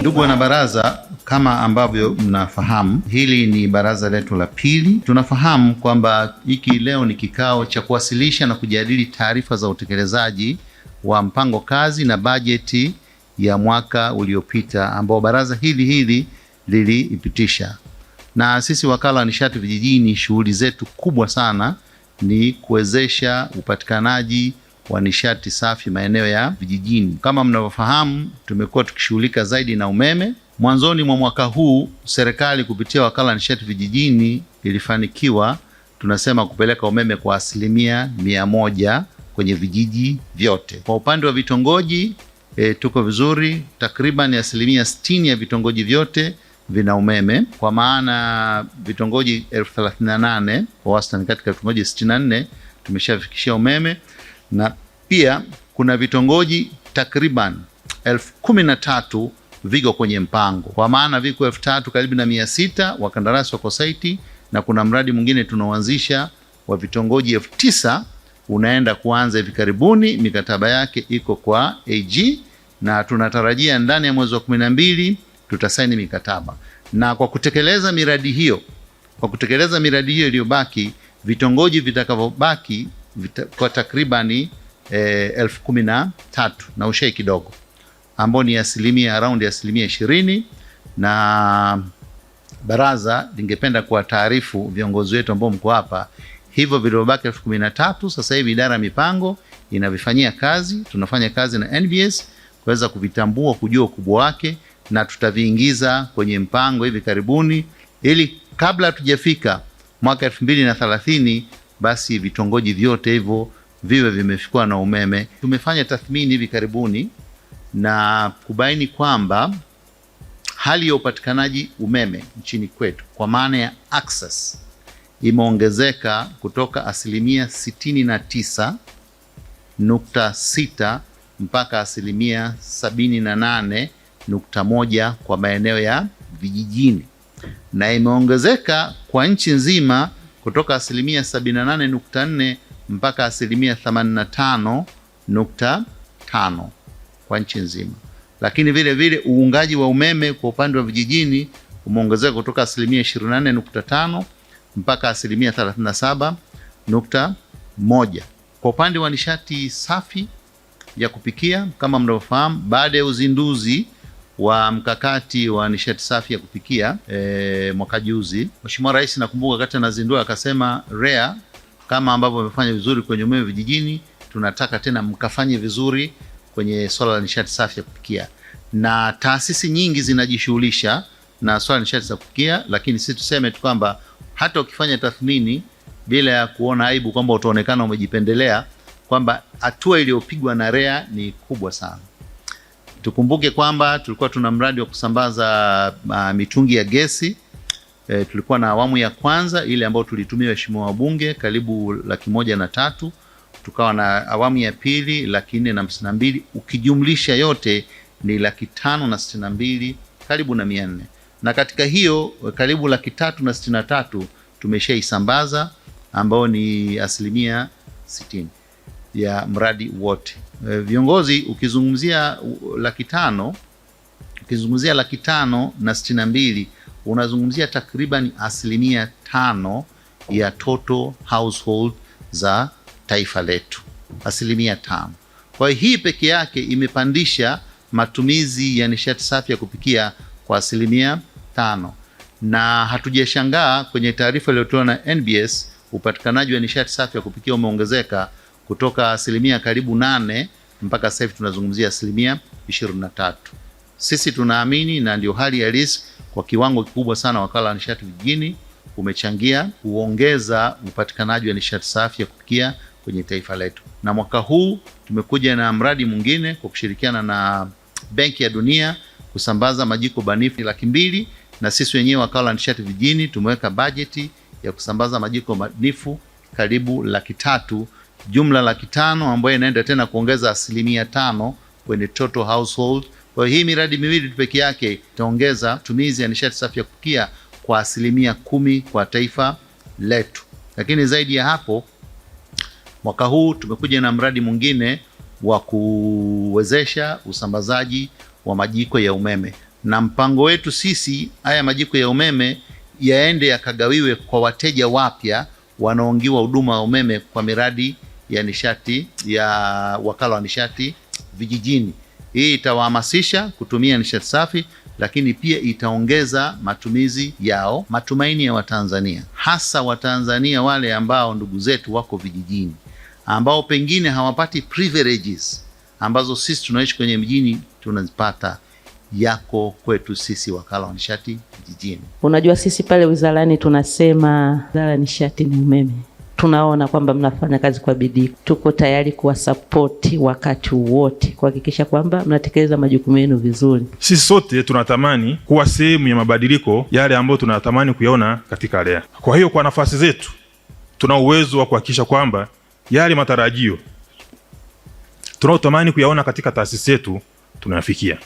Ndugu wanabaraza, kama ambavyo mnafahamu, hili ni baraza letu la pili. Tunafahamu kwamba hiki leo ni kikao cha kuwasilisha na kujadili taarifa za utekelezaji wa mpango kazi na bajeti ya mwaka uliopita ambao baraza hili hili liliipitisha. Na sisi wakala wa nishati vijijini, shughuli zetu kubwa sana ni kuwezesha upatikanaji wa nishati safi maeneo ya vijijini. Kama mnavyofahamu, tumekuwa tukishughulika zaidi na umeme. Mwanzoni mwa mwaka huu, serikali kupitia wakala wa nishati vijijini ilifanikiwa tunasema kupeleka umeme kwa asilimia mia moja kwenye vijiji vyote. Kwa upande wa vitongoji e, tuko vizuri, takriban asilimia sitini ya vitongoji vyote vina umeme, kwa maana vitongoji elfu thelathini na nane kwa wastani katika vitongoji nne tumeshafikishia umeme na pia kuna vitongoji takriban elfu kumi na tatu viko kwenye mpango, kwa maana viko elfu tatu karibu na mia sita wakandarasi wako saiti, na kuna mradi mwingine tunaoanzisha wa vitongoji elfu tisa unaenda kuanza hivi karibuni, mikataba yake iko kwa AG na tunatarajia ndani ya mwezi wa kumi na mbili tutasaini mikataba. Na kwa kutekeleza miradi hiyo, kwa kutekeleza miradi hiyo iliyobaki, vitongoji vitakavyobaki vita, kwa takribani eh, elfu kumi na tatu na ushei kidogo ambao ni asilimia around asilimia ishirini na baraza lingependa kuwataarifu viongozi wetu ambao mko hapa, hivyo vilivyobaki elfu kumi na tatu sasa hivi idara ya mipango inavifanyia kazi. Tunafanya kazi na NBS kuweza kuvitambua, kujua ukubwa wake, na tutaviingiza kwenye mpango hivi karibuni, ili kabla hatujafika mwaka elfu mbili na thelathini basi vitongoji vyote hivyo viwe vimefikiwa na umeme. Tumefanya tathmini hivi karibuni na kubaini kwamba hali ya upatikanaji umeme nchini kwetu kwa maana ya access imeongezeka kutoka asilimia 69.6 mpaka asilimia 78.1 kwa maeneo ya vijijini na imeongezeka kwa nchi nzima kutoka asilimia 78.4 mpaka asilimia 85.5 kwa nchi nzima. Lakini vile vile uungaji wa umeme kwa upande wa vijijini umeongezeka kutoka asilimia 24.5 mpaka asilimia 37.1. Kwa upande wa nishati safi ya kupikia, kama mnavyofahamu, baada ya uzinduzi wa mkakati wa nishati safi ya kupikia e, mwaka juzi Mheshimiwa Rais nakumbuka wakati anazindua akasema, REA kama ambavyo amefanya vizuri kwenye umeme vijijini, tunataka tena mkafanye vizuri kwenye swala la nishati safi ya kupikia, na taasisi nyingi zinajishughulisha na swala la nishati za kupikia, lakini sisi tuseme tu kwamba hata ukifanya tathmini bila ya kuona aibu kwamba utaonekana umejipendelea, kwamba hatua iliyopigwa na REA ni kubwa sana. Tukumbuke kwamba tulikuwa tuna mradi wa kusambaza uh, mitungi ya gesi e, tulikuwa na awamu ya kwanza ile ambayo tulitumia waheshimiwa wabunge karibu laki moja na tatu, tukawa na awamu ya pili laki nne na hamsini na mbili, ukijumlisha yote ni laki tano na sitini na mbili karibu na mia nne, na katika hiyo karibu laki tatu na sitini na tatu tumeshaisambaza ambayo ni asilimia sitini ya mradi wote. Eh, viongozi, ukizungumzia laki tano ukizungumzia laki tano na sitini na mbili unazungumzia takriban asilimia tano ya total household za taifa letu, asilimia tano. Kwa hiyo hii peke yake imepandisha matumizi ya nishati safi ya kupikia kwa asilimia tano, na hatujashangaa kwenye taarifa iliyotolewa na NBS upatikanaji wa nishati safi ya kupikia umeongezeka kutoka asilimia karibu nane mpaka sasa hivi tunazungumzia asilimia ishirini na tatu. Sisi tunaamini na ndio hali halisi kwa kiwango kikubwa sana, wakala wa nishati vijijini umechangia kuongeza upatikanaji wa nishati safi ya kupikia kwenye taifa letu, na mwaka huu tumekuja na mradi mwingine kwa kushirikiana na Benki ya Dunia kusambaza majiko banifu laki mbili na sisi wenyewe wakala wa nishati vijijini tumeweka bajeti ya kusambaza majiko banifu karibu laki tatu jumla laki tano ambayo inaenda tena kuongeza asilimia tano kwenye total household. Kwa hii miradi miwili tu peke yake itaongeza tumizi ya nishati safi ya kupikia kwa asilimia kumi kwa taifa letu. Lakini zaidi ya hapo, mwaka huu tumekuja na mradi mwingine wa kuwezesha usambazaji wa majiko ya umeme, na mpango wetu sisi haya majiko ya umeme yaende yakagawiwe kwa wateja wapya wanaongiwa huduma ya umeme kwa miradi ya nishati ya wakala wa nishati vijijini. Hii itawahamasisha kutumia nishati safi, lakini pia itaongeza matumizi yao, matumaini ya Watanzania, hasa Watanzania wale ambao ndugu zetu wako vijijini, ambao pengine hawapati privileges ambazo sisi tunaishi kwenye mjini tunazipata yako kwetu sisi wakala wa nishati vijijini. Unajua, sisi pale wizarani tunasema wizara ya nishati ni umeme tunaona kwamba mnafanya kazi kwa bidii. Tuko tayari kuwasapoti wakati wote kuhakikisha kwamba mnatekeleza majukumu yenu vizuri. Sisi sote tunatamani kuwa sehemu ya mabadiliko yale ambayo tunatamani kuyaona katika REA. Kwa hiyo, kwa nafasi zetu, tuna uwezo wa kuhakikisha kwamba yale matarajio tunaotamani kuyaona katika taasisi yetu tunayafikia,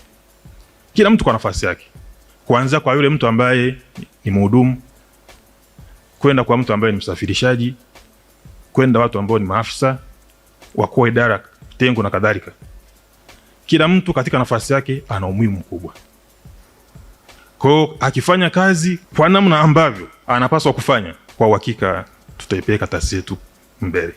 kila mtu kwa nafasi yake, kuanzia kwa yule mtu ambaye ni mhudumu kwenda kwa mtu ambaye ni msafirishaji kwenda watu ambao ni maafisa wakuu wa idara, tengo na kadhalika. Kila mtu katika nafasi yake ana umuhimu mkubwa hiyo akifanya kazi kwa namna ambavyo anapaswa kufanya, kwa uhakika tutaipeleka taasisi yetu mbele.